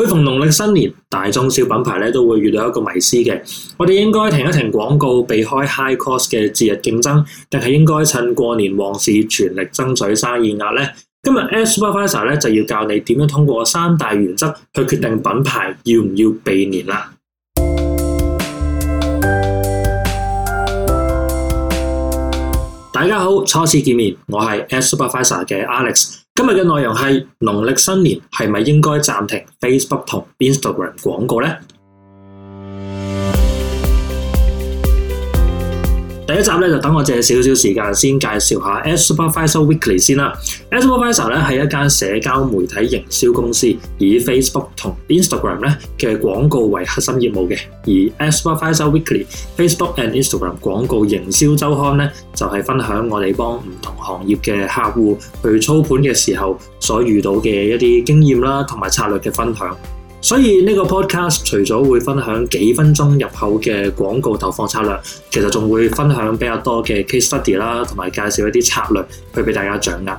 每逢農曆新年，大中小品牌咧都會遇到一個迷思嘅，我哋應該停一停廣告，避開 high cost 嘅節日競爭，定係應該趁過年旺市全力爭取生意額呢？今日 Ad Supervisor 咧就要教你點樣通過三大原則去決定品牌要唔要避年啦！大家好，初次見面，我係 Ad Supervisor 嘅 Alex。今日嘅內容係：農曆新年係咪應該暫停 Facebook 同 Instagram 廣告呢？第一集咧就等我借少少時間先介紹下 Adsupervisor Weekly 先啦。Adsupervisor 咧係一間社交媒體營銷公司，以 Facebook 同 Instagram 咧嘅廣告為核心業務嘅。而 Adsupervisor Weekly，Facebook and Instagram 廣告營銷週刊咧，就係分享我哋幫唔同行業嘅客戶去操盤嘅時候所遇到嘅一啲經驗啦，同埋策略嘅分享。所以呢個 podcast 除咗會分享幾分鐘入口嘅廣告投放策略，其實仲會分享比較多嘅 case study 啦，同埋介紹一啲策略去俾大家掌握。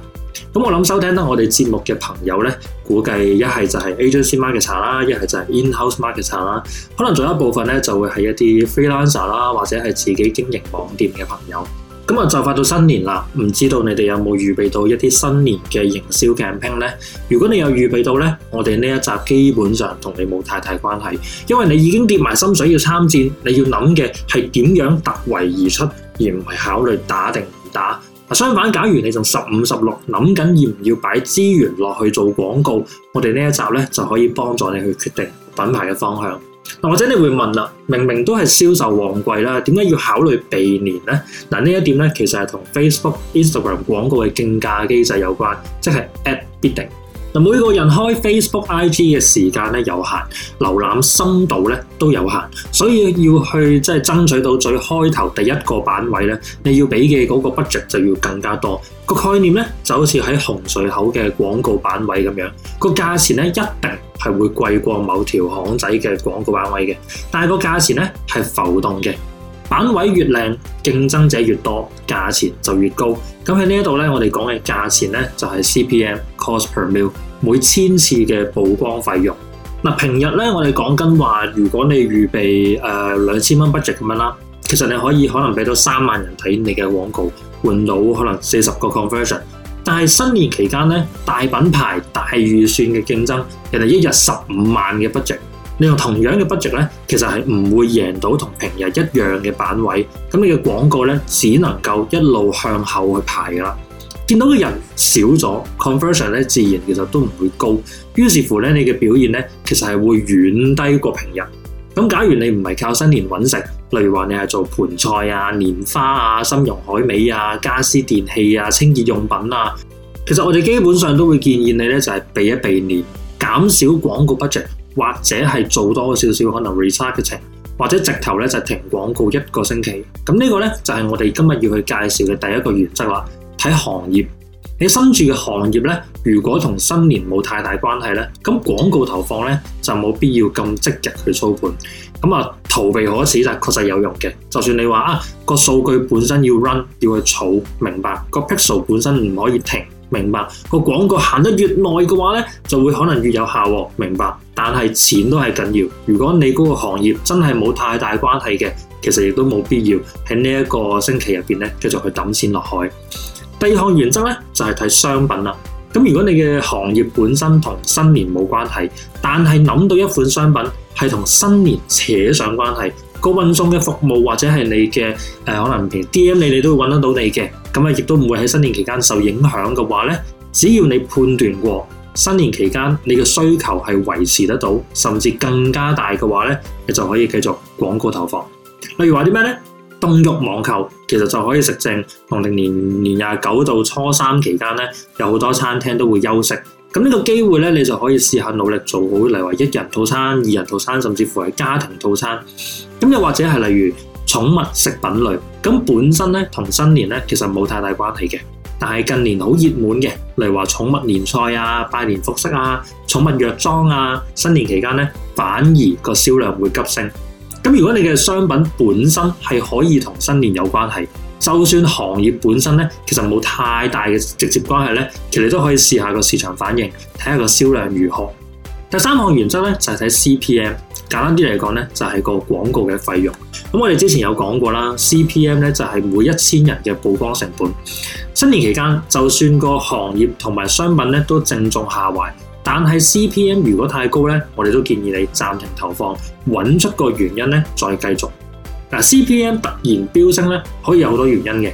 咁我諗收聽咧我哋節目嘅朋友咧，估計一係就係 agency marketer 啦，一係就係 in house marketer 啦，可能仲有一部分咧就會係一啲 freelancer 啦，或者係自己經營網店嘅朋友。咁啊，就快到新年啦，唔知道你哋有冇預備到一啲新年嘅營銷 campaign 呢？如果你有預備到呢，我哋呢一集基本上同你冇太大關係，因為你已經跌埋心水要參戰，你要諗嘅係點樣突圍而出，而唔係考慮打定唔打。相反，假如你仲十五十六諗緊要唔要擺資源落去做廣告，我哋呢一集呢就可以幫助你去決定品牌嘅方向。或者你會問啦，明明都係銷售旺季啦，點解要考慮避年呢？嗱，呢一點其實係同 Facebook、Instagram 廣告嘅競價機制有關，即係 ad bidding。每個人開 Facebook、IG 嘅時間咧有限，瀏覽深度咧都有限，所以要去即係爭取到最開頭第一個版位咧，你要俾嘅嗰個 budget 就要更加多。個概念咧就好似喺紅隧口嘅廣告版位咁樣，個價錢咧一定係會貴過某條巷仔嘅廣告版位嘅，但係個價錢咧係浮動嘅。版位越靚，競爭者越多，價錢就越高。咁喺呢一度咧，我哋講嘅價錢咧就係 CPM（cost per mill），每千次嘅曝光費用。嗱，平日咧我哋講緊話，如果你預備誒兩千蚊 budget 咁樣啦，其實你可以可能俾到三萬人睇你嘅廣告，換到可能四十個 conversion。但係新年期間咧，大品牌大預算嘅競爭，人哋一日十五萬嘅 budget。你用同樣嘅 budget 咧，其實係唔會贏到同平日一樣嘅版位。咁你嘅廣告咧，只能夠一路向後去排噶啦。見到嘅人少咗，conversion 咧自然其實都唔會高。於是乎咧，你嘅表現咧其實係會遠低過平日。咁假如你唔係靠新年揾食，例如話你係做盆菜啊、年花啊、參茸海味啊、家私電器啊、清潔用品啊，其實我哋基本上都會建議你咧就係、是、避一避年，減少廣告 budget。或者係做多少少可能 research 嘅程，ing, 或者直頭咧就停廣告一個星期。咁、這、呢個咧就係我哋今日要去介紹嘅第一個原則啦。睇行業，你身處嘅行業咧，如果同新年冇太大關係咧，咁廣告投放咧就冇必要咁積極去操盤。咁啊，逃避可恥，就係確實有用嘅。就算你話啊，個數據本身要 run，要去儲，明白個 pixel 本身唔可以停。明白，個廣告行得越耐嘅話咧，就會可能越有效，明白。但係錢都係緊要。如果你嗰個行業真係冇太大關係嘅，其實亦都冇必要喺呢一個星期入邊咧繼續去抌錢落去。第二項原則咧，就係、是、睇商品啦。咁如果你嘅行業本身同新年冇關係，但係諗到一款商品係同新年扯上關係。個運送嘅服務或者係你嘅誒、呃，可能平 D.M. 你你都揾得到你嘅咁啊，亦都唔會喺新年期間受影響嘅話咧。只要你判斷過新年期間你嘅需求係維持得到，甚至更加大嘅話咧，你就可以繼續廣告投放。例如話啲咩咧？凍肉網球其實就可以食正同定年年廿九到初三期間咧，有好多餐廳都會休息。咁呢個機會咧，你就可以試下努力做好，例如一人套餐、二人套餐，甚至乎係家庭套餐。咁又或者係例如寵物食品類，咁本身咧同新年咧其實冇太大關係嘅，但係近年好熱門嘅，例如話寵物年菜啊、拜年服飾啊、寵物藥妝啊，新年期間咧反而個銷量會急升。咁如果你嘅商品本身係可以同新年有關係。就算行業本身咧，其實冇太大嘅直接關係咧，其實都可以試下個市場反應，睇下個銷量如何。第三項原則咧就係睇 CPM，簡單啲嚟講咧就係個廣告嘅費用。咁我哋之前有講過啦，CPM 咧就係每一千人嘅曝光成本。新年期間，就算個行業同埋商品咧都正中下懷，但係 CPM 如果太高咧，我哋都建議你暫停投放，揾出個原因咧再繼續。嗱，CPM 突然飆升咧，可以有好多原因嘅。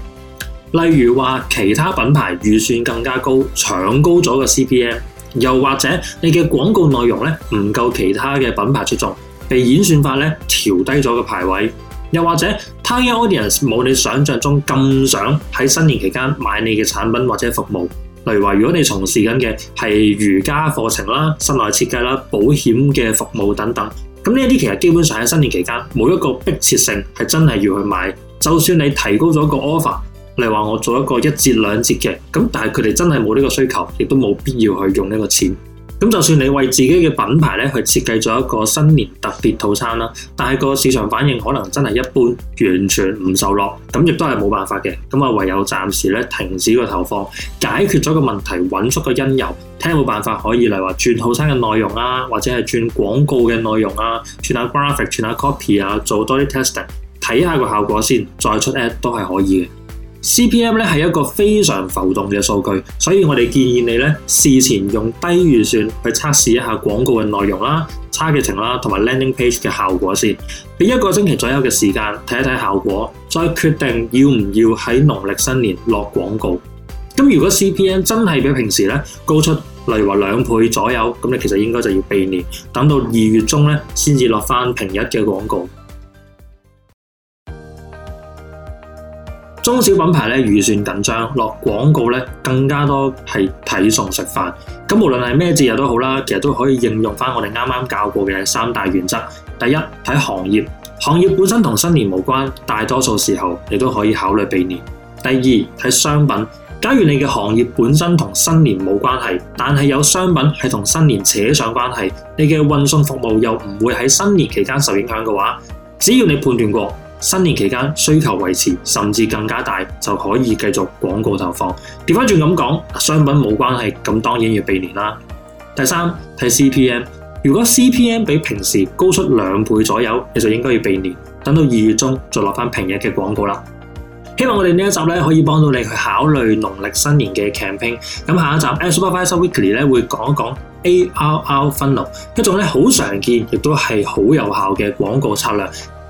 例如話其他品牌預算更加高，搶高咗個 CPM；又或者你嘅廣告內容咧唔夠其他嘅品牌出眾，被演算法咧調低咗個排位；又或者 target audience 冇你想象中咁想喺新年期間買你嘅產品或者服務。例如話，如果你從事緊嘅係瑜伽課程啦、室內設計啦、保險嘅服務等等。咁呢啲其實基本上喺新年期間冇一個迫切性係真係要去買，就算你提高咗個 offer，例如話我做一個一折兩折嘅，咁但係佢哋真係冇呢個需求，亦都冇必要去用呢個錢。咁就算你為自己嘅品牌咧，去設計咗一個新年特別套餐啦，但係個市場反應可能真係一般，完全唔受落。咁亦都係冇辦法嘅，咁啊唯有暫時咧停止個投放，解決咗個問題，揾出個因由。睇下冇辦法可以例如話轉套餐嘅內容啊，或者係轉廣告嘅內容啊，轉下 graphic，轉下 copy 啊，做多啲 testing，睇下個效果先，再出 ad 都係可以嘅。CPM 咧係一個非常浮動嘅數據，所以我哋建議你咧事前用低預算去測試一下廣告嘅內容啦、差嘅程、啊、啦同埋 landing page 嘅效果先，俾一個星期左右嘅時間睇一睇效果，再決定要唔要喺農曆新年落廣告。咁如果 CPM 真係比平時咧高出例如話兩倍左右，咁你其實應該就要避年，等到二月中咧先至落翻平日嘅廣告。中小品牌咧預算緊張，落廣告咧更加多係睇餸食飯。咁無論係咩節日都好啦，其實都可以應用返我哋啱啱教過嘅三大原則。第一，睇行業，行業本身同新年無關，大多數時候你都可以考慮避年。第二，睇商品。假如你嘅行業本身同新年冇關係，但係有商品係同新年扯上關係，你嘅運送服務又唔會喺新年期間受影響嘅話，只要你判斷過。新年期間需求維持甚至更加大，就可以繼續廣告投放。調翻轉咁講，商品冇關係，咁當然要避年啦。第三，睇 C P M，如果 C P M 比平時高出兩倍左右，你就應該要避年，等到二月中再落翻平日嘅廣告啦。希望我哋呢一集咧可以幫到你去考慮農曆新年嘅 campaign。咁下一集《Adsupervisor Weekly》咧會講一講 A R R 分流，一種咧好常見亦都係好有效嘅廣告策略。